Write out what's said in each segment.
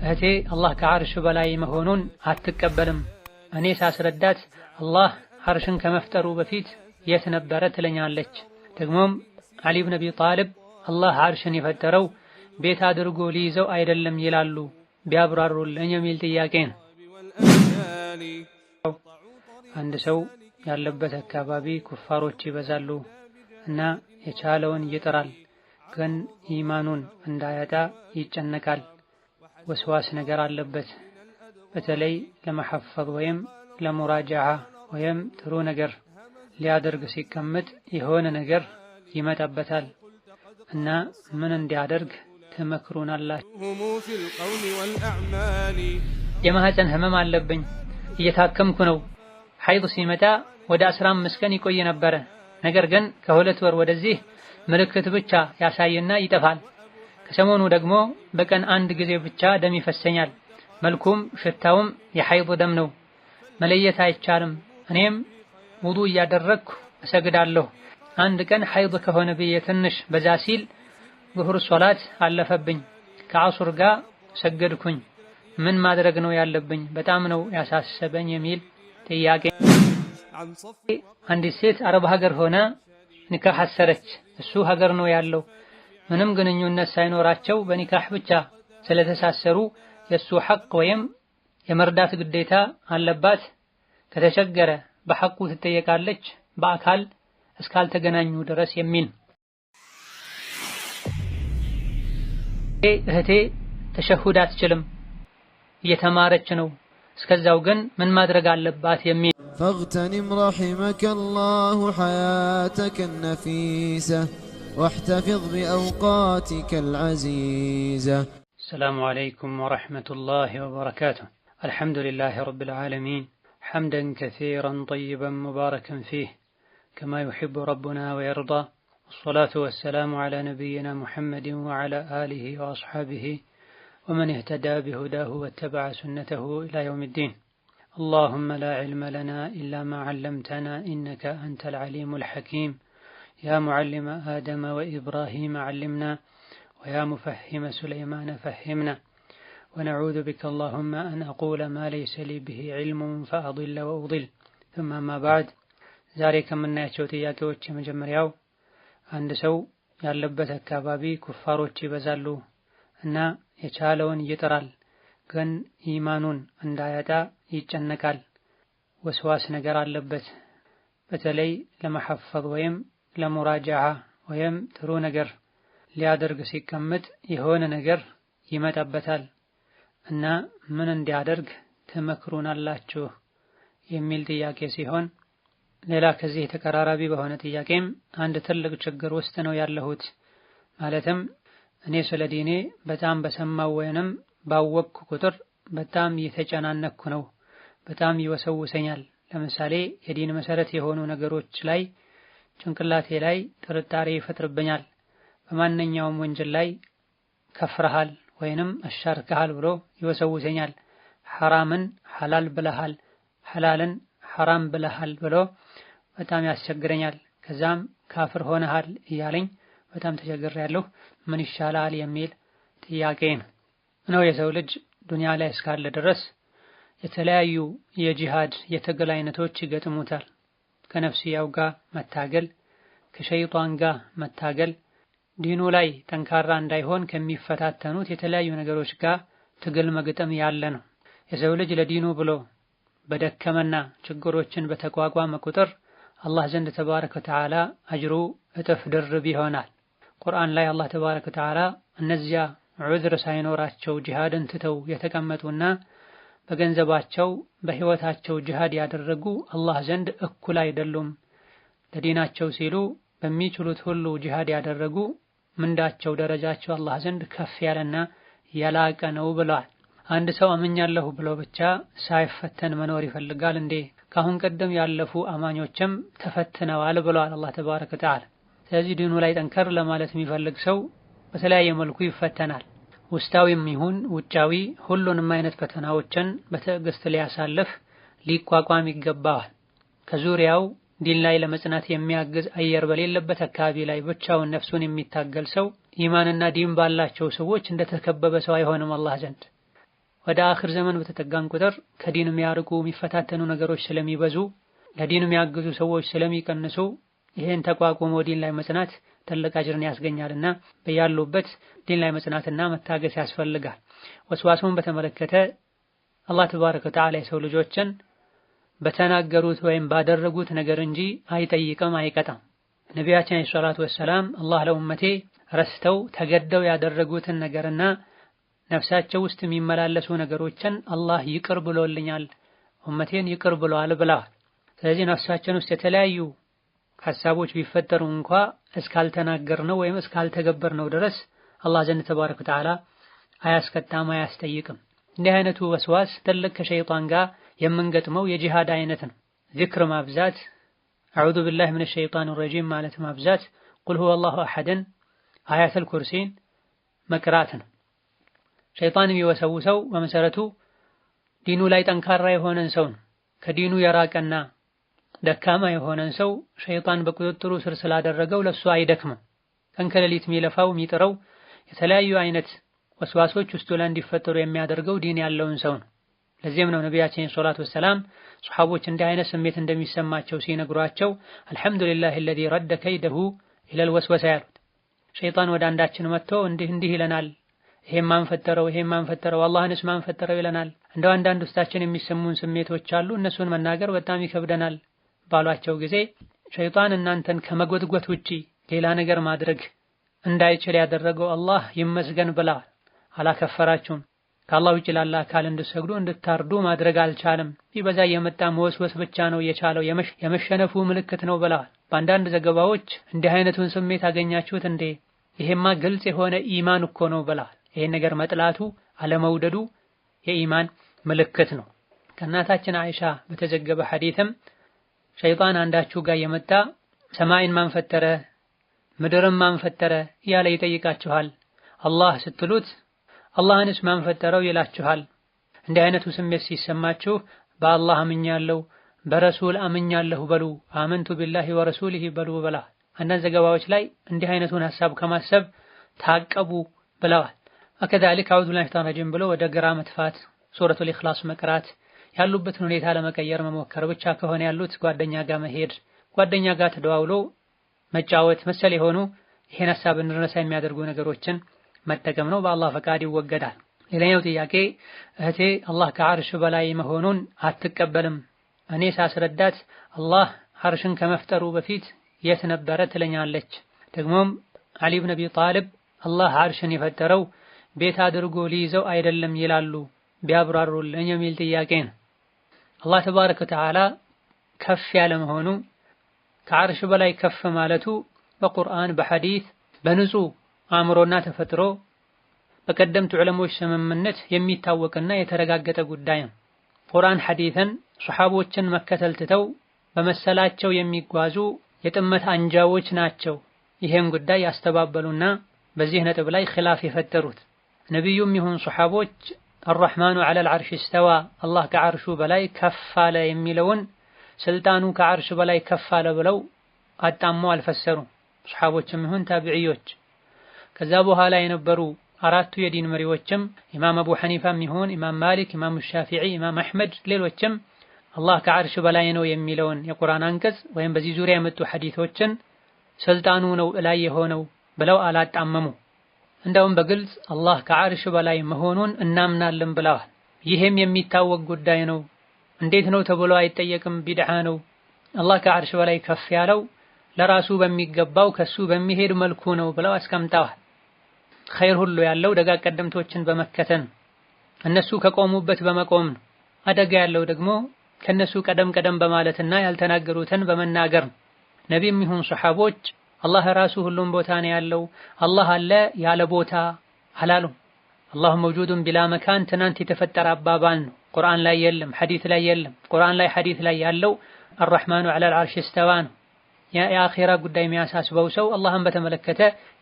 እህቴ አላህ ከአርሽ በላይ መሆኑን አትቀበልም። እኔ ሳስረዳት አላህ አርሽን ከመፍጠሩ በፊት የት ነበረ ትለኛለች። ደግሞም አሊ ብን አቢ ጣልብ አላህ አርሽን የፈጠረው ቤት አድርጎ ሊይዘው አይደለም ይላሉ፣ ቢያብራሩልኝ የሚል ጥያቄ ነው። አንድ ሰው ያለበት አካባቢ ኩፋሮች ይበዛሉ እና የቻለውን ይጥራል። ግን ኢማኑን እንዳያጣ ይጨነቃል። ወስዋስ ነገር አለበት። በተለይ ለመሐፈዝ ወይም ለሙራጃዓ ወይም ጥሩ ነገር ሊያደርግ ሲቀመጥ የሆነ ነገር ይመጣበታል እና ምን እንዲያደርግ ትመክሩናላችሁ? የማህፀን ህመም አለብኝ፣ እየታከምኩ ነው። ሐይድ ሲመጣ ወደ አስራ አምስት ቀን ይቆይ ነበረ። ነገር ግን ከሁለት ወር ወደዚህ ምልክት ብቻ ያሳይና ይጠፋል። ከሰሞኑ ደግሞ በቀን አንድ ጊዜ ብቻ ደም ይፈሰኛል፣ መልኩም ሽታውም የሐይድ ደም ነው፣ መለየት አይቻልም። እኔም ውዱ እያደረግኩ እሰግዳለሁ። አንድ ቀን ሐይድ ከሆነ ብዬ ትንሽ በዛ ሲል ዙሁር ሶላት አለፈብኝ፣ ከአሱር ጋር ሰገድኩኝ። ምን ማድረግ ነው ያለብኝ? በጣም ነው ያሳሰበኝ የሚል ጥያቄ። አንዲት ሴት አረብ ሀገር ሆነ ኒካህ አሰረች። እሱ ሀገር ነው ያለው። ምንም ግንኙነት ሳይኖራቸው በኒካህ ብቻ ስለተሳሰሩ የእሱ ሐቅ ወይም የመርዳት ግዴታ አለባት። ከተቸገረ በሐቁ ትጠየቃለች በአካል እስካልተገናኙ ድረስ የሚል እህቴ ተሸሁድ አትችልም እየተማረች ነው። እስከዛው ግን ምን ማድረግ አለባት የሚል فاغتنم رحمك الله حياتك النفيسة واحتفظ بأوقاتك العزيزة السلام عليكم ورحمة الله وبركاته الحمد لله رب العالمين حمدا كثيرا طيبا مباركا فيه كما يحب ربنا ويرضى والصلاة والسلام على نبينا محمد وعلى آله وأصحابه ومن اهتدى بهداه واتبع سنته إلى يوم الدين اللهم لا علم لنا إلا ما علمتنا إنك أنت العليم الحكيم يا معلم آدم وإبراهيم علمنا ويا مفهم سليمان فهمنا ونعوذ بك اللهم أن أقول ما ليس لي به علم فأضل وأضل ثم ما بعد ዛሬ ከምናያቸው ጥያቄዎች የመጀመሪያው አንድ ሰው كبابي كفار ኩፋሮች بزالو أنا يتشالون يترال ግን ኢማኑን እንዳያጣ ይጨነቃል። ወስዋስ ነገር አለበት። በተለይ ለመሐፈዝ ወይም ለሙራጃዓ ወይም ጥሩ ነገር ሊያደርግ ሲቀምጥ የሆነ ነገር ይመጣበታል እና ምን እንዲያደርግ ትመክሩናላችሁ የሚል ጥያቄ ሲሆን ሌላ ከዚህ የተቀራራቢ በሆነ ጥያቄም አንድ ትልቅ ችግር ውስጥ ነው ያለሁት። ማለትም እኔ ስለ ዲኔ በጣም በሰማው ወይንም ባወቅኩ ቁጥር በጣም እየተጨናነኩ ነው። በጣም ይወሰውሰኛል። ለምሳሌ የዲን መሰረት የሆኑ ነገሮች ላይ ጭንቅላቴ ላይ ጥርጣሬ ይፈጥርብኛል። በማንኛውም ወንጀል ላይ ከፍረሃል ወይንም አሻርክሃል ብሎ ይወሰውሰኛል። ሐራምን ሐላል ብለሃል፣ ሐላልን ሐራም ብለሃል ብሎ በጣም ያስቸግረኛል። ከዛም ካፍር ሆነሃል እያለኝ በጣም ተቸግሬያለሁ። ምን ይሻላል የሚል ጥያቄ ነው። ነው የሰው ልጅ ዱንያ ላይ እስካለ ድረስ የተለያዩ የጂሃድ የትግል አይነቶች ይገጥሙታል። ከነፍስያው ጋር መታገል፣ ከሸይጣን ጋር መታገል፣ ዲኑ ላይ ጠንካራ እንዳይሆን ከሚፈታተኑት የተለያዩ ነገሮች ጋር ትግል መግጠም ያለ ነው። የሰው ልጅ ለዲኑ ብሎ በደከመና ችግሮችን በተቋቋመ ቁጥር አላህ ዘንድ ተባረከ ወተዓላ አጅሩ እጥፍ ድርብ ይሆናል። ቁርአን ላይ አላህ ተባረከ ወተዓላ እነዚያ ዑዝር ሳይኖራቸው ጂሃድን ትተው የተቀመጡና በገንዘባቸው በሕይወታቸው ጂሃድ ያደረጉ አላህ ዘንድ እኩል አይደሉም። ለዲናቸው ሲሉ በሚችሉት ሁሉ ጂሃድ ያደረጉ ምንዳቸው፣ ደረጃቸው አላህ ዘንድ ከፍ ያለና የላቀ ነው ብለዋል። አንድ ሰው አምኛለሁ ብሎ ብቻ ሳይፈተን መኖር ይፈልጋል እንዴ? ከአሁን ቀደም ያለፉ አማኞችም ተፈትነዋል ብለዋል አላህ ተባረከ ወተዓላ። ስለዚህ ዲኑ ላይ ጠንከር ለማለት የሚፈልግ ሰው በተለያየ መልኩ ይፈተናል። ውስጣዊም ይሁን ውጫዊ ሁሉንም አይነት ፈተናዎችን በትዕግስት ሊያሳልፍ ሊቋቋም ይገባዋል። ከዙሪያው ዲን ላይ ለመጽናት የሚያግዝ አየር በሌለበት አካባቢ ላይ ብቻውን ነፍሱን የሚታገል ሰው ኢማንና ዲን ባላቸው ሰዎች እንደተከበበ ሰው አይሆንም አላህ ዘንድ። ወደ አኽር ዘመን በተጠጋን ቁጥር ከዲን የሚያርቁ የሚፈታተኑ ነገሮች ስለሚበዙ ለዲን የሚያግዙ ሰዎች ስለሚቀንሱ ይህን ተቋቁሞ ዲን ላይ መጽናት ትልቅ አጅርን ያስገኛልና በያሉበት ዲን ላይ መጽናትና መታገስ ያስፈልጋል። ወስዋሱን በተመለከተ አላህ ተባረከ ወተዓላ የሰው ልጆችን በተናገሩት ወይም ባደረጉት ነገር እንጂ አይጠይቅም፣ አይቀጣም። ነቢያችን አለይሂ ሰላቱ ወሰላም አላህ ለኡመቴ ረስተው ተገደው ያደረጉትን ነገርና ነፍሳቸው ውስጥ የሚመላለሱ ነገሮችን አላህ ይቅር ብሎልኛል፣ ኡመቴን ይቅር ብሏል ብለዋል። ስለዚህ ነፍሳችን ውስጥ የተለያዩ ሀሳቦች ቢፈጠሩ እንኳ እስካልተናገር ነው ወይም እስካልተገበር ነው ድረስ አላህ ዘንድ ተባረከ ወተዓላ አያስቀጣም፣ አያስጠይቅም። እንዲህ አይነቱ ወስዋስ ትልቅ ከሸይጣን ጋር የምንገጥመው የጂሃድ አይነት ነው። ዚክር ማብዛት፣ አዑዙ ቢላሂ ሚነ ሸይጣን ረጂም ማለት ማብዛት፣ ቁል ሁወ አላሁ አሐድን፣ አያተል ኩርሲን መቅራት ነው። ሸይጣን የሚወሰውሰው በመሰረቱ ዲኑ ላይ ጠንካራ የሆነን ሰው ነው። ከዲኑ የራቀና ደካማ የሆነን ሰው ሸይጣን በቁጥጥሩ ስር ስላደረገው ለሱ አይደክምም። ተንከለሊት የሚለፋው የሚጥረው የተለያዩ አይነት ወስዋሶች ውስጡ ላይ እንዲፈጠሩ የሚያደርገው ዲን ያለውን ሰው ነው። ለዚህም ነው ነቢያችን ሰላቱ ወሰላም ሱሐቦች እንዲህ አይነት ስሜት እንደሚሰማቸው ሲነግሯቸው አልሐምዱሊላህ ለዚ ረደ ከይደሁ ኢለል ወስወሳ ያሉት። ሸይጣን ወደ አንዳችን መጥቶ እንዲህ እንዲህ ይለናል፣ ይሄም ማንፈጠረው፣ ይሄም ማንፈጠረው፣ አላህንስ ማንፈጠረው ይለናል። እንደው አንዳንድ ውስጣችን የሚሰሙን ስሜቶች አሉ፣ እነሱን መናገር በጣም ይከብደናል ባሏቸው ጊዜ ሸይጣን እናንተን ከመጎትጎት ውጪ ሌላ ነገር ማድረግ እንዳይችል ያደረገው አላህ ይመስገን ብላ አላከፈራችሁም። ከአላህ ውጭ ላለ አካል እንድትሰግዱ እንድታርዱ ማድረግ አልቻለም። ይበዛ የመጣ መወስወስ ብቻ ነው የቻለው የመሸነፉ ምልክት ነው ብለዋል። በአንዳንድ ዘገባዎች እንዲህ አይነቱን ስሜት አገኛችሁት እንዴ? ይሄማ ግልጽ የሆነ ኢማን እኮ ነው ብለዋል። ይሄን ነገር መጥላቱ አለመውደዱ የኢማን ምልክት ነው። ከእናታችን አይሻ በተዘገበ ሐዲትም ሸይጣን አንዳችሁ ጋር የመጣ ሰማይን ማንፈጠረ ምድርን ማንፈጠረ እያለ ይጠይቃችኋል። አላህ ስትሉት አላህንስ ማንፈጠረው ይላችኋል። እንዲህ አይነቱ ስሜት ሲሰማችሁ በአላህ አምኛለሁ፣ በረሱል አምኛለሁ በሉ፣ አመንቱ ቢላሂ ወረሱሊሂ በሉ ብላ አንዳንድ ዘገባዎች ላይ እንዲህ አይነቱን ሀሳብ ከማሰብ ታቀቡ ብለዋል። ከዛሊክ አዑዙ ቢላሂ ረጂም ብሎ ወደ ግራ መጥፋት ሱረቱል ኢኽላስ መቅራት ያሉበትን ሁኔታ ለመቀየር መሞከር ብቻ ከሆነ ያሉት ጓደኛ ጋር መሄድ፣ ጓደኛ ጋር ተደዋውሎ መጫወት መሰል የሆኑ ይሄን ሀሳብ እንድረሳ የሚያደርጉ ነገሮችን መጠቀም ነው። በአላህ ፈቃድ ይወገዳል። ሌላኛው ጥያቄ እህቴ አላህ ከአርሽ በላይ መሆኑን አትቀበልም። እኔ ሳስረዳት አላህ አርሽን ከመፍጠሩ በፊት የት ነበረ ትለኛለች። ደግሞም አሊ ብን አቢ ጣልብ አላህ አርሽን የፈጠረው ቤት አድርጎ ሊይዘው አይደለም ይላሉ፣ ቢያብራሩልኝ የሚል ጥያቄ ነው። አላህ ተባረከ ወተዓላ ከፍ ያለ መሆኑ ከአርሽ በላይ ከፍ ማለቱ በቁርአን በሐዲት በንጹህ አእምሮና ተፈጥሮ በቀደምት ዑለሞች ስምምነት የሚታወቅና የተረጋገጠ ጉዳይ ነው። ቁርአን ሐዲትን ሱሐቦችን መከተል ትተው በመሰላቸው የሚጓዙ የጥመት አንጃዎች ናቸው ይህን ጉዳይ ያስተባበሉና በዚህ ነጥብ ላይ ኺላፍ የፈጠሩት ነቢዩም ይሁን ሱሐቦች አረሕማኑ ዐለል ዐርሽ እስተዋ አላህ ከዐርሹ በላይ ከፍ አለ የሚለውን ስልጣኑ ከዐርሽ በላይ ከፍ አለ ብለው አጣመው አልፈሰሩ ሰሓቦችም ይሁን ታቢዕዮች። ከዛ በኋላ የነበሩ አራቱ የዲን መሪዎችም ኢማም አቡ ሐኒፋም ይሁን ኢማም ማሊክ፣ ኢማም ሻፊዒ፣ ኢማም አሕመድ ሌሎችም አላህ ከዐርሽ በላይ ነው የሚለውን የቁርአን አንቀጽ ወይም በዚህ ዙሪያ የመጡ ሐዲቶችን ስልጣኑ ነው እላይ የሆነው ብለው አላጣመሙ። እንደውም በግልጽ አላህ ከዓርሽ በላይ መሆኑን እናምናለን ብለዋል። ይህም የሚታወቅ ጉዳይ ነው። እንዴት ነው ተብሎ አይጠየቅም። ቢድዓ ነው። አላህ ከዓርሽ በላይ ከፍ ያለው ለራሱ በሚገባው ከሱ በሚሄድ መልኩ ነው ብለው አስቀምጠዋል። ኸይር ሁሉ ያለው ደጋ ቀደምቶችን በመከተን እነሱ ከቆሙበት በመቆም ነው። አደጋ ያለው ደግሞ ከነሱ ቀደም ቀደም በማለትና ያልተናገሩትን በመናገር ነቢም ይሁን ሰሓቦች አላህ ራሱ ሁሉም ቦታ ነው ያለው። አላህ አለ ያለ ቦታ አላሉ አላሁ መውጁዱን ቢላ መካን ትናንት የተፈጠረ አባባል ነው። ቁርአን ላይ የለም፣ ሐዲት ላይ የለም። ቁርአን ላይ ሐዲት ላይ ያለው አራሕማኑ ዐለል ዐርሽ እስተዋ ነው። የአኼራ ጉዳይ የሚያሳስበው ሰው አላህን በተመለከተ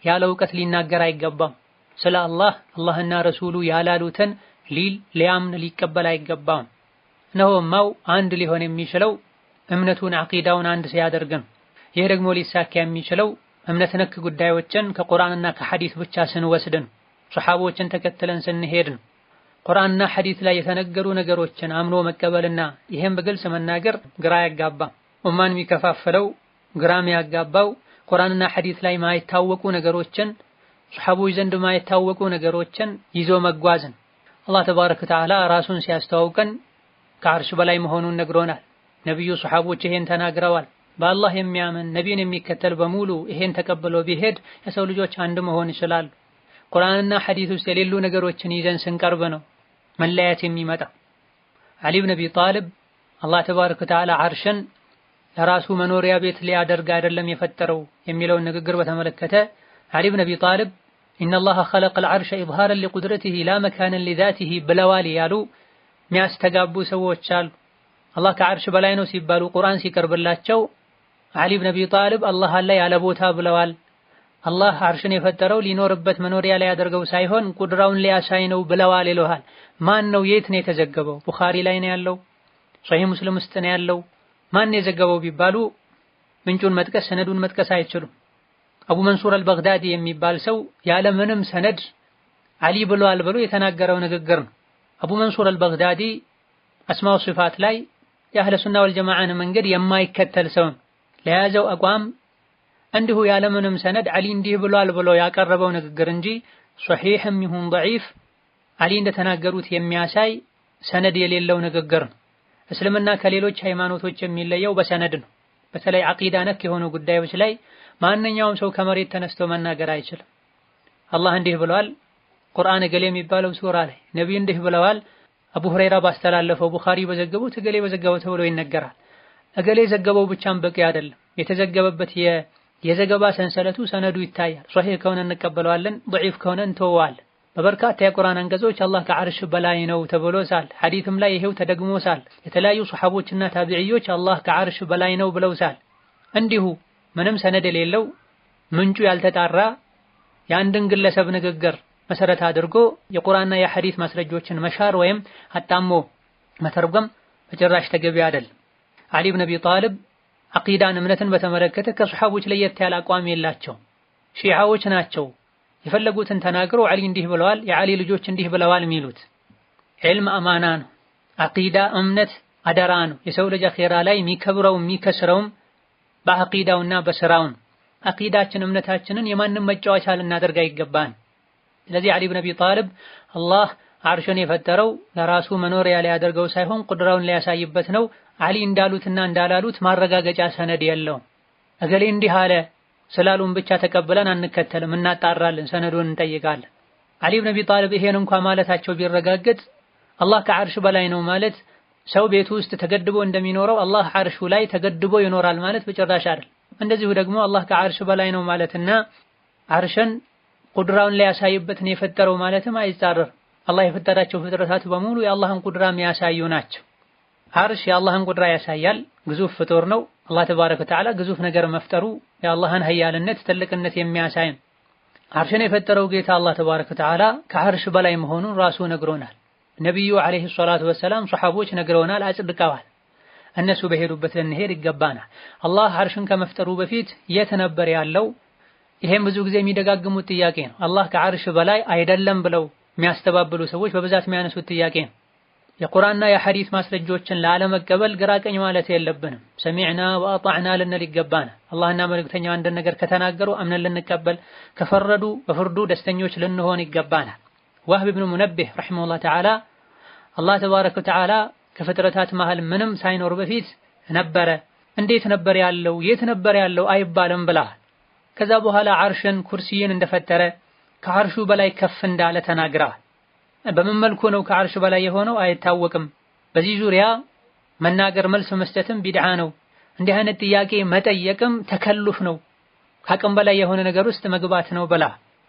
ያለ እውቀት ሊናገር አይገባም። ስለ አላህ አላህና ረሱሉ ያላሉትን ሊል ሊያምን ሊቀበል አይገባም። እነሆማው አንድ ሊሆን የሚችለው እምነቱን አቂዳውን አንድ ሲያደርግ ነው። ይሄ ደግሞ ሊሳካ የሚችለው እምነት ነክ ጉዳዮችን ከቁርአንና ከሐዲስ ብቻ ስንወስድ ነው። ሱሐቦችን ተከትለን ስንሄድ ነው። ቁርአንና ሐዲስ ላይ የተነገሩ ነገሮችን አምኖ መቀበልና ይሄን በግልጽ መናገር ግራ ያጋባ ኡማን የሚከፋፈለው ግራም ያጋባው ቁርአንና ሐዲስ ላይ ማይታወቁ ነገሮችን ሱሐቦች ዘንድ ማይታወቁ ነገሮችን ይዞ መጓዝን። አላህ ተባረከ ወተዓላ ራሱን ሲያስተዋውቀን ከአርሽ በላይ መሆኑን ነግሮናል። ነብዩ ሱሐቦች ይሄን ተናግረዋል። በአላህ የሚያምን ነቢን የሚከተል በሙሉ ይሄን ተቀብሎ ቢሄድ የሰው ልጆች አንድ መሆን ይችላሉ። ቁርአንና ሐዲስ ውስጥ የሌሉ ነገሮችን ይዘን ስንቀርብ ነው መለያየት የሚመጣ። ዓሊ ብን አቢ ጣልብ አላህ ተባረከ ወተዓላ ዓርሽን ለራሱ መኖሪያ ቤት ሊያደርግ አይደለም የፈጠረው የሚለውን ንግግር በተመለከተ ዓሊ ብን አቢ ጣልብ ኢነላሃ ኸለቀል ዓርሸ ኢዝሃረን ሊቁድረቲሂ ላ መካነን ሊዛቲሂ ብለዋል ያሉ የሚያስተጋቡ ሰዎች አሉ። አላህ ከዓርሽ በላይ ነው ሲባሉ ቁርአን ሲቀርብላቸው አሊ ብን አቢ ጣልብ አላህ አለ ያለ ቦታ ብለዋል። አላህ አርሽን የፈጠረው ሊኖርበት መኖሪያ ላይ ያደርገው ሳይሆን ቁድራውን ሊያሳይ ነው ብለዋል ይለዋል። ማን ነው? የት ነው የተዘገበው? ቡኻሪ ላይ ነው ያለው፣ ሶሒህ ሙስሊም ውስጥ ነው ያለው። ማን ነው የዘገበው ቢባሉ ምንጩን መጥቀስ ሰነዱን መጥቀስ አይችሉም። አቡ መንሱር አልበግዳዲ የሚባል ሰው ያለ ምንም ሰነድ አሊ ብለዋል ብሎ የተናገረው ንግግር ነው። አቡ መንሱር አልበግዳዲ አስማው ሲፋት ላይ የአህለ ሱና ወልጀማዓን መንገድ የማይከተል ሰው ነው። ለያዘው አቋም እንዲሁ ያለምንም ሰነድ አሊ እንዲህ ብሏል ብሎ ያቀረበው ንግግር እንጂ ሶሒሕም ይሁን ደዒፍ አሊ እንደተናገሩት የሚያሳይ ሰነድ የሌለው ንግግር ነው። እስልምና ከሌሎች ሃይማኖቶች የሚለየው በሰነድ ነው። በተለይ አቂዳ ነክ የሆኑ ጉዳዮች ላይ ማንኛውም ሰው ከመሬት ተነስቶ መናገር አይችልም። አላህ እንዲህ ብለዋል ቁርአን እገሌ የሚባለው ሱራ ላይ ነቢይ እንዲህ ብለዋል፣ አቡ ሁረይራ ባስተላለፈው፣ ቡኻሪ በዘገቡት፣ እገሌ በዘገበው ተብሎ ይነገራል። እገሌ ዘገበው ብቻም በቂ አይደለም። የተዘገበበት የዘገባ ሰንሰለቱ ሰነዱ ይታያል። ሶሒህ ከሆነ እንቀበለዋለን፣ ደዒፍ ከሆነ እንተወዋለን። በበርካታ የቁርአን አንቀጾች አላህ ከዓርሽ በላይ ነው ተብሎ ሳል ሐዲትም ላይ ይሄው ተደግሞ ሳል የተለያዩ ሱሐቦችና ታቢዕዮች አላህ ከዓርሽ በላይ ነው ብለው ሳል እንዲሁ ምንም ሰነድ የሌለው ምንጩ ያልተጣራ የአንድን ግለሰብ ንግግር መሰረት አድርጎ የቁርአንና የሐዲት ማስረጃዎችን መሻር ወይም አጣሞ መተርጎም በጭራሽ ተገቢ አይደለም። አሊ ብን አቢ ጣልብ አቂዳን እምነትን በተመለከተ ከሰሓቦች ለየት ያለ አቋም የላቸው። ሺዓዎች ናቸው የፈለጉትን ተናግሮ አሊ እንዲህ ብለዋል፣ የአሊ ልጆች እንዲህ ብለዋል የሚሉት። ዒልም አማና ነው። አቂዳ እምነት አደራ ነው። የሰው ልጅ አኼራ ላይ የሚከብረው የሚከስረውም በአቂዳውና በስራው ነው። አቂዳችን እምነታችንን የማንም መጫወቻ ልናደርግ አይገባን። ስለዚህ አሊ ብን አቢ ጣልብ አላህ አርሽን የፈጠረው ለራሱ መኖሪያ ሊያደርገው ሳይሆን ቁድራውን ሊያሳይበት ነው አሊ እንዳሉትና እንዳላሉት ማረጋገጫ ሰነድ የለው እገሌ እንዲህ አለ ስላሉን ብቻ ተቀብለን አንከተልም፣ እናጣራለን፣ ሰነዱን እንጠይቃለን። አሊ ብን አቢ ጣሊብ ይሄን እንኳ ማለታቸው ቢረጋገጥ አላህ ከዓርሽ በላይ ነው ማለት ሰው ቤቱ ውስጥ ተገድቦ እንደሚኖረው አላህ ዓርሹ ላይ ተገድቦ ይኖራል ማለት በጭራሽ አይደል። እንደዚሁ ደግሞ አላህ ከዓርሽ በላይ ነው ማለትና ዓርሽን ቁድራውን ላይ ያሳይበት ነው የፈጠረው ማለትም አይጻረር። አላህ የፈጠራቸው ፍጥረታት በሙሉ የአላህን ቁድራ የሚያሳዩ ናቸው። አርሽ የአላህን ቁድራ ያሳያል። ግዙፍ ፍጡር ነው። አላህ ተባረከ ወተዓላ ግዙፍ ነገር መፍጠሩ የአላህን ሀያልነት ትልቅነት የሚያሳይ ነው። አርሽን የፈጠረው ጌታ አላህ ተባረከ ወተዓላ ከአርሽ በላይ መሆኑን ራሱ ነግሮናል። ነቢዩ ዓለይሂ ሰላቱ ወሰላም ሰሐቦች ነግረውናል፣ አጽድቀዋል። እነሱ በሄዱበት ልንሄድ ይገባናል። አላህ አርሽን ከመፍጠሩ በፊት የት ነበር ያለው? ይሄም ብዙ ጊዜ የሚደጋግሙት ጥያቄ ነው። አላህ ከአርሽ በላይ አይደለም ብለው የሚያስተባብሉ ሰዎች በብዛት የሚያነሱት ጥያቄ ነው። የቁርአንና የሐዲስ ማስረጃዎችን ላለመቀበል ግራቀኝ ማለት የለብንም። ሰሚዕና ወአጣዕና ልንል ይገባናል። አላህና መልእክተኛው አንድ ነገር ከተናገሩ አምነን ልንቀበል፣ ከፈረዱ በፍርዱ ደስተኞች ልንሆን ይገባናል። ዋህብ ብኑ ሙነቢህ ረሒመሁላህ ተዓላ አላህ ተባረከ ወተዓላ ከፍጥረታት መሃል ምንም ሳይኖር በፊት ነበረ፣ እንዴት ነበር ያለው፣ የት ነበር ያለው አይባልም ብለዋል። ከዛ በኋላ አርሽን ኩርሲይን እንደፈጠረ ከአርሹ በላይ ከፍ እንዳለ ተናግረዋል። በምን መልኩ ነው ከአርሽ በላይ የሆነው አይታወቅም። በዚህ ዙሪያ መናገር መልስ መስጠትም ቢድዓ ነው። እንዲህ አይነት ጥያቄ መጠየቅም ተከሉፍ ነው። ከአቅም በላይ የሆነ ነገር ውስጥ መግባት ነው። ብላ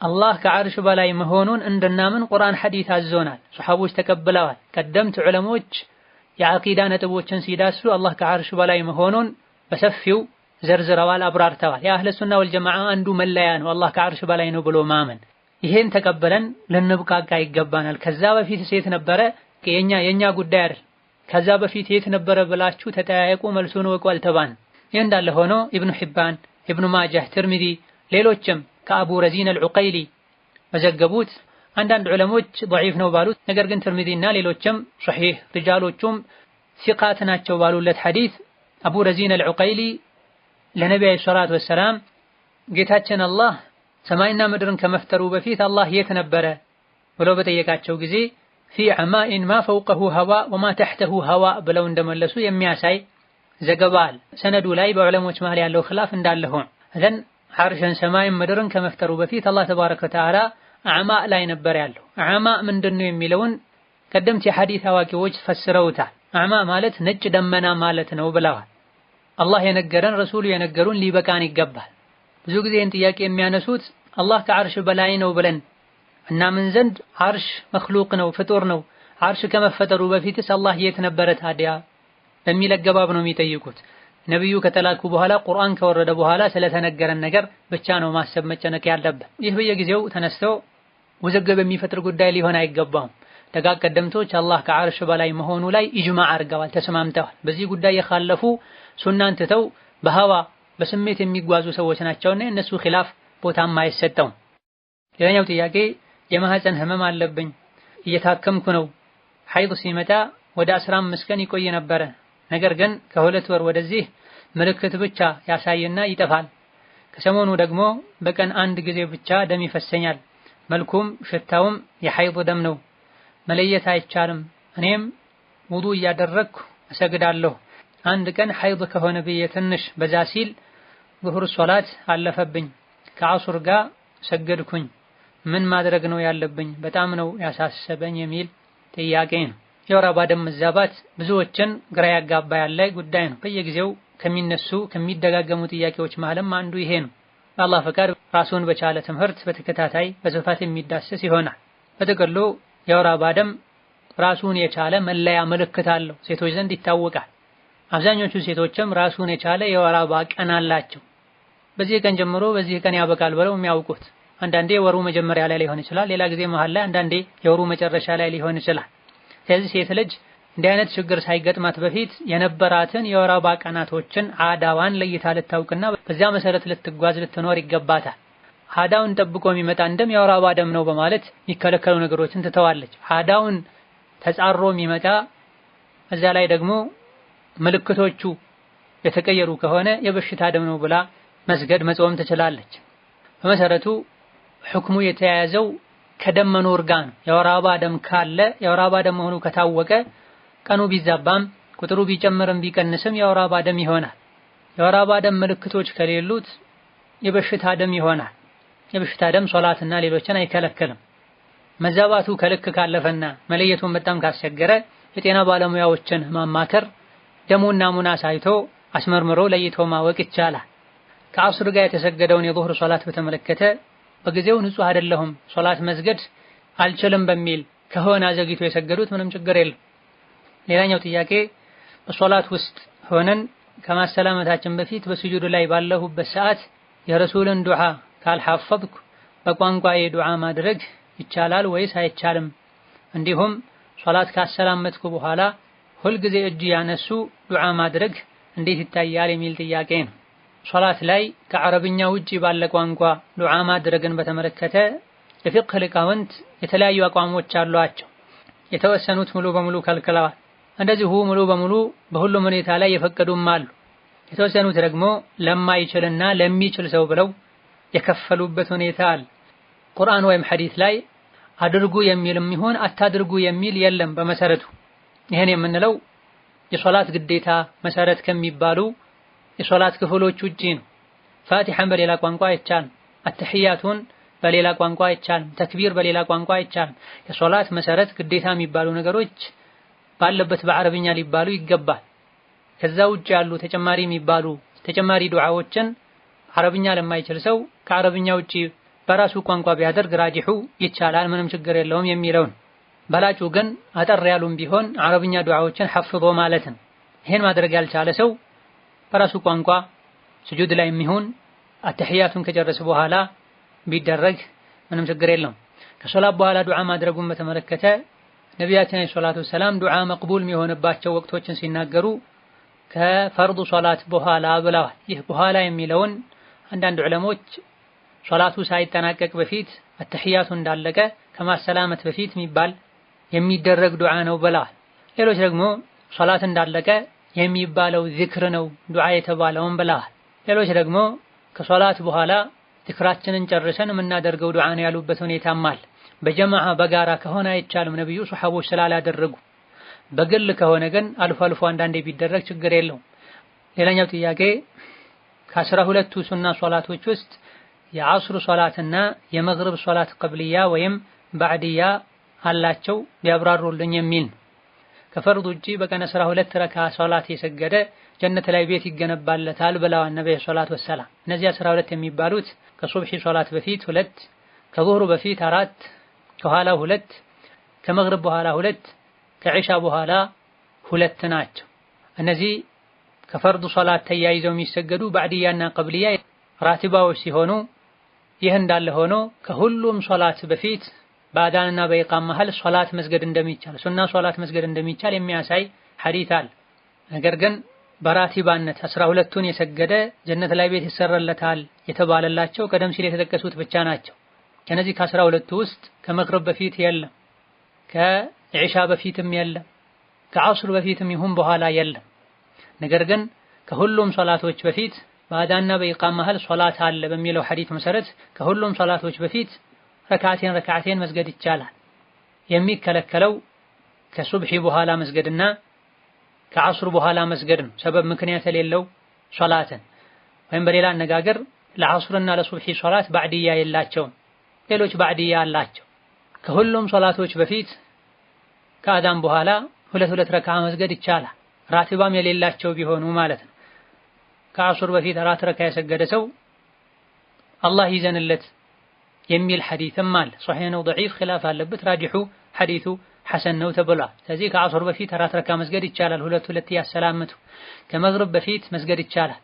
አላህ ከአርሽ በላይ መሆኑን እንድናምን ቁርአን ሐዲት አዞናል። ሱሐቦች ተቀብለዋል። ቀደምት ዑለሞች የአቂዳ ነጥቦችን ሲዳሱ አላህ ከአርሽ በላይ መሆኑን በሰፊው ዘርዝረዋል፣ አብራርተዋል። የአህለ ሱና ወልጀማዓ አንዱ መለያ ነው አላህ ከአርሽ በላይ ነው ብሎ ማመን ይሄን ተቀበለን ልንብቃቃ ይገባናል። ከዛ በፊት ሴት ነበረ የኛ የኛ ጉዳይ አይደል፣ ከዛ በፊት የት ነበረ ብላችሁ ተጠያየቁ፣ መልሱን ወቁ አልተባን። ይህ እንዳለ ሆኖ ኢብኑ ሒባን፣ ኢብኑ ማጃህ፣ ትርሚዲ ሌሎችም ከአቡ ረዚን አልዑቀይሊ በዘገቡት አንዳንድ ዑለሞች ደዒፍ ነው ባሉት ነገር ግን ትርሚዲና ሌሎችም ሰሒህ ሪጃሎቹም ሲቃት ናቸው ባሉለት ሐዲስ አቡ ረዚን አልዑቀይሊ ለነቢ ዓለይሂ ሰላቱ ወሰላም ጌታችን አላህ ሰማይና ምድርን ከመፍጠሩ በፊት አላህ የት ነበረ ብለው በጠየቃቸው ጊዜ ፊ አማኢን ማ ፈውቀሁ ሀዋ ወማ ተሕተሁ ሀዋ ብለው እንደመለሱ የሚያሳይ ዘገባ ሰነዱ ላይ በዑለሞች መሃል ያለው ኽላፍ እንዳለ ሆኖ እዘን ሰማይን ምድርን ከመፍጠሩ በፊት አላህ ተባረከ ወተዓላ አዕማ ላይ ነበር ያለው። አዕማ ምንድን ነው የሚለውን ቀደምት የሐዲስ አዋቂዎች ፈስረውታል። አዕማ ማለት ነጭ ደመና ማለት ነው ብለዋል። አላህ የነገረን ረሱሉ የነገሩን ሊበቃን ይገባል። ብዙ ጊዜ ይህን ጥያቄ የሚያነሱት አላህ ከአርሽ በላይ ነው ብለን እና ምን ዘንድ አርሽ መክሉቅ ነው ፍጡር ነው። አርሽ ከመፈጠሩ በፊትስ አላህ የት ነበረ ታዲያ በሚል አገባብ ነው የሚጠይቁት። ነቢዩ ከተላኩ በኋላ ቁርአን ከወረደ በኋላ ስለተነገረን ነገር ብቻ ነው ማሰብ መጨነቅ ያለብን። ይህ በየጊዜው ተነስተው ውዝግብ የሚፈጥር ጉዳይ ሊሆን አይገባውም። ደጋግ ቀደምቶች አላህ ከአርሽ በላይ መሆኑ ላይ ኢጅማዕ አድርገዋል፣ ተስማምተዋል። በዚህ ጉዳይ የካለፉ ሱናን ትተው በሀዋ በስሜት የሚጓዙ ሰዎች ናቸውና የእነሱ ኺላፍ ቦታም አይሰጠውም። ሌላኛው ጥያቄ የማህፀን ህመም አለብኝ እየታከምኩ ነው። ሐይድ ሲመጣ ወደ 15 ቀን ይቆይ ነበረ። ነገር ግን ከሁለት ወር ወደዚህ ምልክት ብቻ ያሳይና ይጠፋል። ከሰሞኑ ደግሞ በቀን አንድ ጊዜ ብቻ ደም ይፈሰኛል። መልኩም ሽታውም የሐይድ ደም ነው። መለየት አይቻልም። እኔም ውዱ እያደረግኩ እሰግዳለሁ። አንድ ቀን ሐይድ ከሆነ ብዬ ትንሽ በዛ ሲል ዙሁር ሶላት አለፈብኝ። ከአሱር ጋር ሰገድኩኝ ምን ማድረግ ነው ያለብኝ? በጣም ነው ያሳሰበኝ የሚል ጥያቄ ነው። የወር ባደም መዛባት ብዙዎችን ግራ ያጋባ ያለ ጉዳይ ነው። በየጊዜው ከሚነሱ ከሚደጋገሙ ጥያቄዎች መሀልም አንዱ ይሄ ነው። በአላህ ፈቃድ ራሱን በቻለ ትምህርት በተከታታይ በስፋት የሚዳሰስ ይሆናል። በጥቅሉ የወር ባደም ራሱን የቻለ መለያ ምልክት አለው፣ ሴቶች ዘንድ ይታወቃል። አብዛኞቹ ሴቶችም ራሱን የቻለ የወር አበባ ቀን አላቸው። በዚህ ቀን ጀምሮ በዚህ ቀን ያበቃል ብለው የሚያውቁት አንዳንዴ የወሩ መጀመሪያ ላይ ሊሆን ይችላል፣ ሌላ ጊዜ መሃል ላይ፣ አንዳንዴ የወሩ መጨረሻ ላይ ሊሆን ይችላል። ስለዚህ ሴት ልጅ እንዲህ አይነት ችግር ሳይገጥማት በፊት የነበራትን የወር አበባ ቀናቶችን አዳዋን ለይታ ልታውቅና በዚያ መሰረት ልትጓዝ ልትኖር ይገባታል። አዳውን ጠብቆ የሚመጣ እንደም የወር አበባ ደም ነው በማለት የሚከለከሉ ነገሮችን ትተዋለች። አዳውን ተጻሮ የሚመጣ እዚያ ላይ ደግሞ ምልክቶቹ የተቀየሩ ከሆነ የበሽታ ደም ነው ብላ መስገድ መጾም ትችላለች። በመሰረቱ ሕክሙ የተያያዘው ከደም መኖር ጋር ነው። የወር አበባ ደም ካለ የወር አበባ ደም መሆኑ ከታወቀ ቀኑ ቢዛባም ቁጥሩ ቢጨምርም ቢቀንስም የወር አበባ ደም ይሆናል። የወር አበባ ደም ምልክቶች ከሌሉት የበሽታ ደም ይሆናል። የበሽታ ደም ሶላትና ሌሎችን አይከለክልም። መዛባቱ ከልክ ካለፈና መለየቱን በጣም ካስቸገረ የጤና ባለሙያዎችን ማማከር ደሙና ሙና ሳይቶ አስመርምሮ ለይቶ ማወቅ ይቻላል። ከአስር ጋር የተሰገደውን የዙህር ሶላት በተመለከተ በጊዜው ንጹህ አይደለሁም ሶላት መስገድ አልችልም በሚል ከሆነ አዘግይቶ የሰገዱት ምንም ችግር የለም። ሌላኛው ጥያቄ በሶላት ውስጥ ሆነን ከማሰላመታችን በፊት በስጁዱ ላይ ባለሁበት ሰዓት የረሱልን ዱዓ ካልሐፈዝኩ በቋንቋዬ ዱዓ ማድረግ ይቻላል ወይስ አይቻልም? እንዲሁም ሶላት ካሰላመትኩ በኋላ ሁልጊዜ እጅ ያነሱ ዱዓ ማድረግ እንዴት ይታያል የሚል ጥያቄ ነው። ሶላት ላይ ከአረብኛ ውጪ ባለ ቋንቋ ዱዓ ማድረግን በተመለከተ የፊቅህ ሊቃውንት የተለያዩ አቋሞች አሏቸው። የተወሰኑት ሙሉ በሙሉ ከልክለዋል። እንደዚሁ ሙሉ በሙሉ በሁሉም ሁኔታ ላይ የፈቀዱም አሉ። የተወሰኑት ደግሞ ለማይችልና ለሚችል ሰው ብለው የከፈሉበት ሁኔታ አለ። ቁርአን ወይም ሐዲስ ላይ አድርጉ የሚል የሚሆን አታድርጉ የሚል የለም። በመሰረቱ ይህን የምንለው የሶላት ግዴታ መሰረት ከሚባሉ የሶላት ክፍሎች ውጪ ነው። ፋቲሐን በሌላ ቋንቋ አይቻልም። አተህያቱን በሌላ ቋንቋ አይቻልም። ተክቢር በሌላ ቋንቋ አይቻልም። የሶላት መሰረት ግዴታ የሚባሉ ነገሮች ባለበት በአረብኛ ሊባሉ ይገባል። ከዛ ውጭ ያሉ ተጨማሪ የሚባሉ ተጨማሪ ዱዓዎችን አረብኛ ለማይችል ሰው ከአረብኛ ውጪ በራሱ ቋንቋ ቢያደርግ ራጅሑ ይቻላል፣ ምንም ችግር የለውም የሚለውን በላጩ ግን አጠር ያሉም ቢሆን አረብኛ ዱዓዎችን ሐፍዞ ማለት ነው። ይህን ማድረግ ያልቻለ ሰው በራሱ ቋንቋ ስጁድ ላይ የሚሆን አተህያቱን ከጨረስ በኋላ ቢደረግ ምንም ችግር የለውም። ከሶላት በኋላ ዱዓ ማድረጉን በተመለከተ ነቢያችን አለይሂ ሰላቱ ወሰላም ዱዓ መቅቡል የሚሆንባቸው ወቅቶችን ሲናገሩ ከፈርዱ ሶላት በኋላ ብለዋል። ይህ በኋላ የሚለውን አንዳንድ ዑለሞች ሶላቱ ሳይጠናቀቅ በፊት አተህያቱ እንዳለቀ ከማሰላመት በፊት የሚባል የሚደረግ ዱዓ ነው ብለዋል። ሌሎች ደግሞ ሶላት እንዳለቀ የሚባለው ዚክር ነው ዱዓ የተባለውን ብለዋል። ሌሎች ደግሞ ከሶላት በኋላ ዚክራችንን ጨርሰን የምናደርገው ዱዓ ነው ያሉበት ሁኔታም አለ። በጀማዓ በጋራ ከሆነ አይቻልም ነብዩ ሱሐቦች ስላላደረጉ። በግል ከሆነ ግን አልፎ አልፎ አንዳንዴ ቢደረግ ችግር የለውም። ሌላኛው ጥያቄ ከአስራ ሁለቱ ሱና ሶላቶች ውስጥ የዐስር ሶላትና የመግሪብ ሶላት ቅብልያ ወይም ባዕድያ አላቸው ያብራሩልኝ የሚል ነው። ከፈርድ ውጪ በቀን አስራ ሁለት ረካ ሶላት የሰገደ ጀነት ላይ ቤት ይገነባለታል ብለዋል ነብዩ ሶላት ወሰላም። እነዚህ አስራ ሁለት የሚባሉት ከሱብሂ ሶላት በፊት ሁለት፣ ከዙህሩ በፊት አራት፣ ከኋላ ሁለት፣ ከመግሪብ በኋላ ሁለት፣ ከዒሻ በኋላ ሁለት ናቸው። እነዚህ ከፈርዱ ሶላት ተያይዘው የሚሰገዱ ባዕድያና ቀብልያ ራቲባዎች ሲሆኑ ይህ እንዳለ ሆኖ ከሁሉም ሶላት በፊት በአዳንና በኢቃም መሃል ሶላት መስገድ እንደሚቻል ሱና ሶላት መስገድ እንደሚቻል የሚያሳይ ሐዲት አለ። ነገር ግን በራቲባነት አስራ ሁለቱን የሰገደ ጀነት ላይ ቤት ይሰራለታል የተባለላቸው ቀደም ሲል የተጠቀሱት ብቻ ናቸው። ከነዚህ ከአስራ ሁለቱ ውስጥ ከመቅረብ በፊት የለም፣ ከዒሻ በፊትም የለም፣ ከአሱር በፊትም ይሁን በኋላ የለም። ነገር ግን ከሁሉም ሶላቶች በፊት በአዳንና በኢቃም መሃል ሶላት አለ በሚለው ሐዲት መሰረት ከሁሉም ሶላቶች በፊት ረካዓቴን ረካዓቴን መስገድ ይቻላል። የሚከለከለው ከሱብሒ በኋላ መስገድና ከዐሱር በኋላ መስገድ ነው። ሰበብ ምክንያት የሌለው ሶላትን ወይም በሌላ አነጋገር ለዐሱርና ለሱብሒ ሶላት ባዕድያ የላቸውም። ሌሎች ባዕድያ አላቸው። ከሁሉም ሶላቶች በፊት ከአዳም በኋላ ሁለት ሁለት ረካዓ መስገድ ይቻላል። ራቲባም የሌላቸው ቢሆኑ ማለት ነው። ከዐሱር በፊት አራት ረካ የሰገደ ሰው አላህ ይዘንለት የሚል ሐዲትም አለ። ሶሒህ ነው ደዒፍ ኺላፍ አለበት። ራዲሑ ሐዲቱ ሐሰን ነው ተብሏል። ስለዚህ ከዐሱር በፊት አራት ረካ መስገድ ይቻላል። ሁለት ሁለት ያሰላመቱ ከመግሪብ በፊት መስገድ ይቻላል።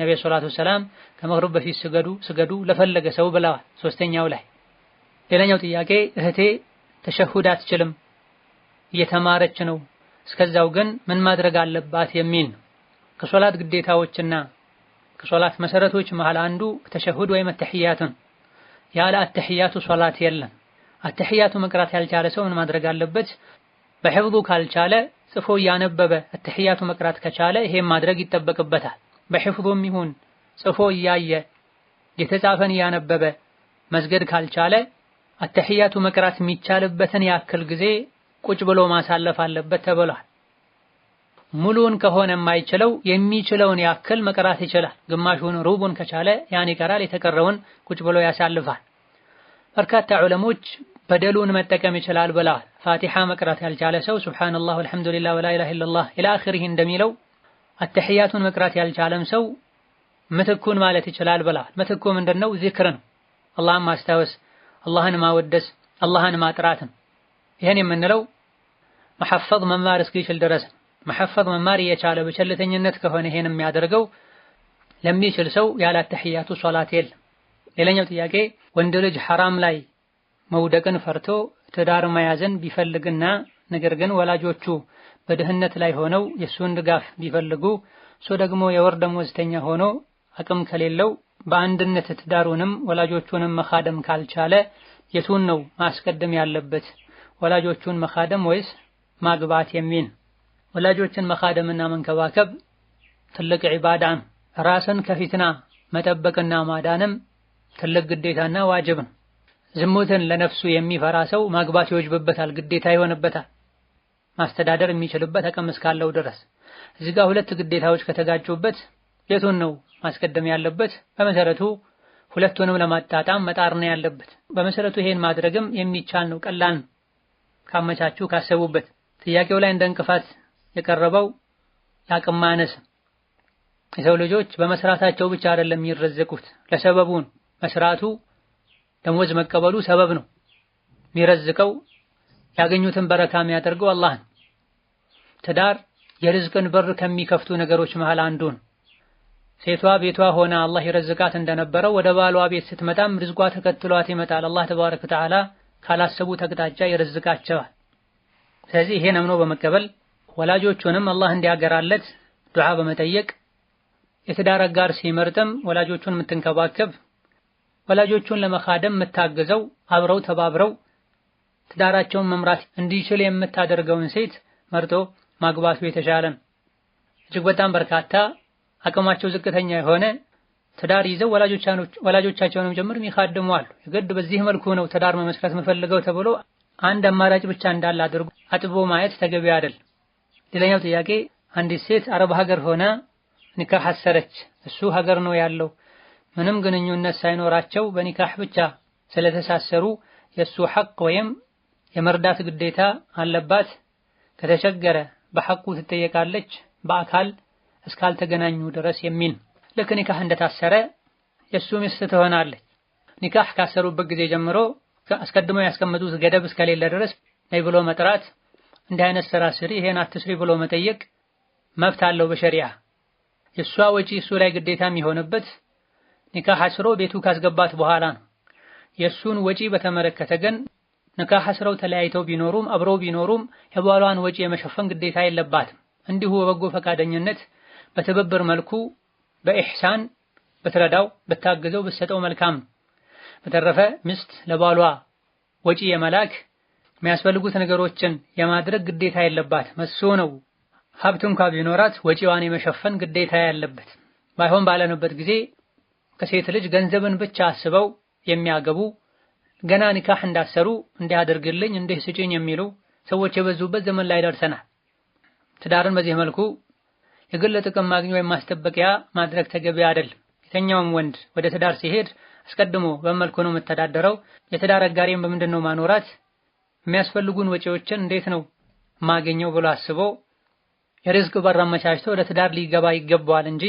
ነብዩ ሰለላሁ ዐለይሂ ከመግሪብ በፊት ስገዱ ስገዱ ለፈለገ ሰው ብለዋል። ሶስተኛው ላይ ሌላኛው ጥያቄ እህቴ ተሸሁድ አትችልም እየተማረች ነው። እስከዛው ግን ምን ማድረግ አለባት የሚል ነው። ከሶላት ግዴታዎችና ከሶላት መሰረቶች መሃል አንዱ ተሸሁድ ወይም ተህያቱን ያለ አተህያቱ ሶላት የለም። አተህያቱ መቅራት ያልቻለ ሰው ምን ማድረግ አለበት? በሕፍዙ ካልቻለ ጽፎ እያነበበ አተህያቱ መቅራት ከቻለ ይሄን ማድረግ ይጠበቅበታል። በሕፍዙም ይሁን ጽፎ እያየ የተጻፈን እያነበበ መስገድ ካልቻለ አተህያቱ መቅራት የሚቻልበትን ያክል ጊዜ ቁጭ ብሎ ማሳለፍ አለበት ተብሏል። ሙሉውን ከሆነ የማይችለው የሚችለውን ያክል መቅራት ይችላል። ግማሹን ሩቡን ከቻለ ያን ይቀራል፣ የተቀረውን ቁጭ ብሎ ያሳልፋል። በርካታ ዑለሞች በደሉን መጠቀም ይችላል ብለዋል። ፋቲሓ መቅራት ያልቻለ ሰው ሱብሓነላህ ወልሐምዱሊላህ ወላኢላሃ ለላ ኢለላህ ኢላ አኺሪህ እንደሚለው አተሕያቱን መቅራት ያልቻለም ሰው ምትኩን ማለት ይችላል ብለዋል። ምትኩ ምንድነው? ዚክር ነው። አላህን ማስታወስ፣ አላህን ማወደስ፣ አላህን ማጥራት ነው። ይህን የምንለው መሐፈዝ መማር እስኪችል ድረስ ነው። መሐፈዝ መማር እየቻለ በቸልተኝነት ከሆነ ይሄን የሚያደርገው ለሚችል ሰው ያለ ተህያቱ ሶላት የለም። ሌላኛው ጥያቄ ወንድ ልጅ ሐራም ላይ መውደቅን ፈርቶ ትዳር መያዝን ቢፈልግና ነገር ግን ወላጆቹ በድህነት ላይ ሆነው የሱን ድጋፍ ቢፈልጉ እሱ ደግሞ የወር ደመወዝተኛ ሆኖ አቅም ከሌለው በአንድነት ትዳሩንም ወላጆቹንም መካደም ካልቻለ የቱን ነው ማስቀደም ያለበት? ወላጆቹን መካደም ወይስ ማግባት የሚል ወላጆችን መካደምና መንከባከብ ትልቅ ዒባዳ ነው። ራስን ከፊትና መጠበቅና ማዳንም ትልቅ ግዴታና ዋጅብ ነው። ዝሙትን ለነፍሱ የሚፈራ ሰው ማግባት ይወጅብበታል፣ ግዴታ ይሆንበታል፣ ማስተዳደር የሚችልበት አቅም እስካለው ድረስ። እዚህ ጋር ሁለት ግዴታዎች ከተጋጩበት የቱን ነው ማስቀደም ያለበት? በመሰረቱ ሁለቱንም ለማጣጣም መጣር ነው ያለበት። በመሰረቱ ይሄን ማድረግም የሚቻል ነው፣ ቀላል ነው፣ ካመቻቹ ካሰቡበት። ጥያቄው ላይ እንደ እንቅፋት የቀረበው የአቅም ማነስ የሰው ልጆች በመስራታቸው ብቻ አይደለም የሚረዝቁት፣ ለሰበቡን መስራቱ ደሞዝ መቀበሉ ሰበብ ነው። የሚረዝቀው ያገኙትን በረካ የሚያደርገው አላህ ነው። ትዳር የርዝቅን በር ከሚከፍቱ ነገሮች መሃል አንዱ ነው። ሴቷ ቤቷ ሆና አላህ ይረዝቃት እንደነበረው ወደ ባሏ ቤት ስትመጣም ርዝቋ ተከትሏት ይመጣል። አላህ ተባረከ ወተዓላ ካላሰቡት አቅጣጫ ይረዝቃቸዋል። ስለዚህ ይሄን አምኖ በመቀበል ወላጆቹንም አላህ እንዲያገራለት ዱዓ በመጠየቅ የትዳር አጋር ሲመርጥም ወላጆቹን የምትንከባከብ ወላጆቹን ለመካደም የምታግዘው አብረው ተባብረው ትዳራቸውን መምራት እንዲችል የምታደርገውን ሴት መርጦ ማግባቱ የተሻለ ነው። እጅግ በጣም በርካታ አቅማቸው ዝቅተኛ የሆነ ትዳር ይዘው ወላጆቻቸውንም ጭምር የሚካድሙ አሉ። የግድ በዚህ መልኩ ነው ትዳር መመስረት የምፈልገው ተብሎ አንድ አማራጭ ብቻ እንዳለ አድርጎ አጥቦ ማየት ተገቢ አይደል። ሌላኛው ጥያቄ አንዲት ሴት አረብ ሀገር ሆነ ኒካህ አሰረች። እሱ ሀገር ነው ያለው። ምንም ግንኙነት ሳይኖራቸው በኒካህ ብቻ ስለተሳሰሩ የእሱ ሐቅ ወይም የመርዳት ግዴታ አለባት። ከተቸገረ በሐቁ ትጠየቃለች በአካል እስካልተገናኙ ድረስ የሚል ልክ ኒካህ እንደታሰረ የእሱ ሚስት ትሆናለች። ኒካህ ካሰሩበት ጊዜ ጀምሮ አስቀድሞ ያስቀመጡት ገደብ እስከሌለ ድረስ ነይ ብሎ መጥራት እንዲህ አይነት ስራ ስሪ፣ ይሄን አትስሪ ብሎ መጠየቅ መብት አለው በሸሪዓ። የእሷ ወጪ እሱ ላይ ግዴታ የሚሆንበት ኒካህ አስሮ ቤቱ ካስገባት በኋላ ነው። የእሱን ወጪ በተመለከተ ግን ንካህ አስረው ተለያይተው ቢኖሩም አብረው ቢኖሩም የባሏን ወጪ የመሸፈን ግዴታ የለባትም። እንዲሁ በበጎ ፈቃደኝነት በትብብር መልኩ በኢሕሳን ብትረዳው ብታግዘው ብትሰጠው መልካም ነው። በተረፈ ሚስት ለባሏ ወጪ የመላክ የሚያስፈልጉት ነገሮችን የማድረግ ግዴታ የለባት መሶ ነው። ሀብት እንኳ ቢኖራት ወጪዋን የመሸፈን ግዴታ ያለበት ባይሆን ባለንበት ጊዜ ከሴት ልጅ ገንዘብን ብቻ አስበው የሚያገቡ ገና ኒካህ እንዳሰሩ እንዲያደርግልኝ እንዲህ ስጭኝ የሚሉ ሰዎች የበዙበት ዘመን ላይ ደርሰናል። ትዳርን በዚህ መልኩ የግል ጥቅም ማግኘት ወይም ማስጠበቂያ ማድረግ ተገቢ አይደል። የተኛውም ወንድ ወደ ትዳር ሲሄድ አስቀድሞ በመልኩ ነው የምተዳደረው፣ የትዳር አጋሪም በምንድን ነው ማኖራት የሚያስፈልጉን ወጪዎችን እንዴት ነው ማገኘው ብሎ አስቦ የሪዝቅ በር አመቻችቶ ለትዳር ሊገባ ይገባዋል እንጂ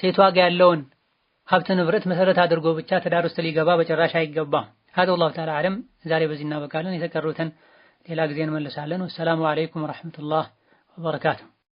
ሴቷ ጋር ያለውን ሀብት ንብረት መሰረት አድርጎ ብቻ ትዳር ውስጥ ሊገባ በጭራሽ አይገባም። ሀደ ላሁ ተዓላ አለም። ዛሬ በዚህ እናበቃለን። የተቀሩትን ሌላ ጊዜ እንመልሳለን። ወሰላሙ አለይኩም ወረሕመቱላህ ወበረካቱ።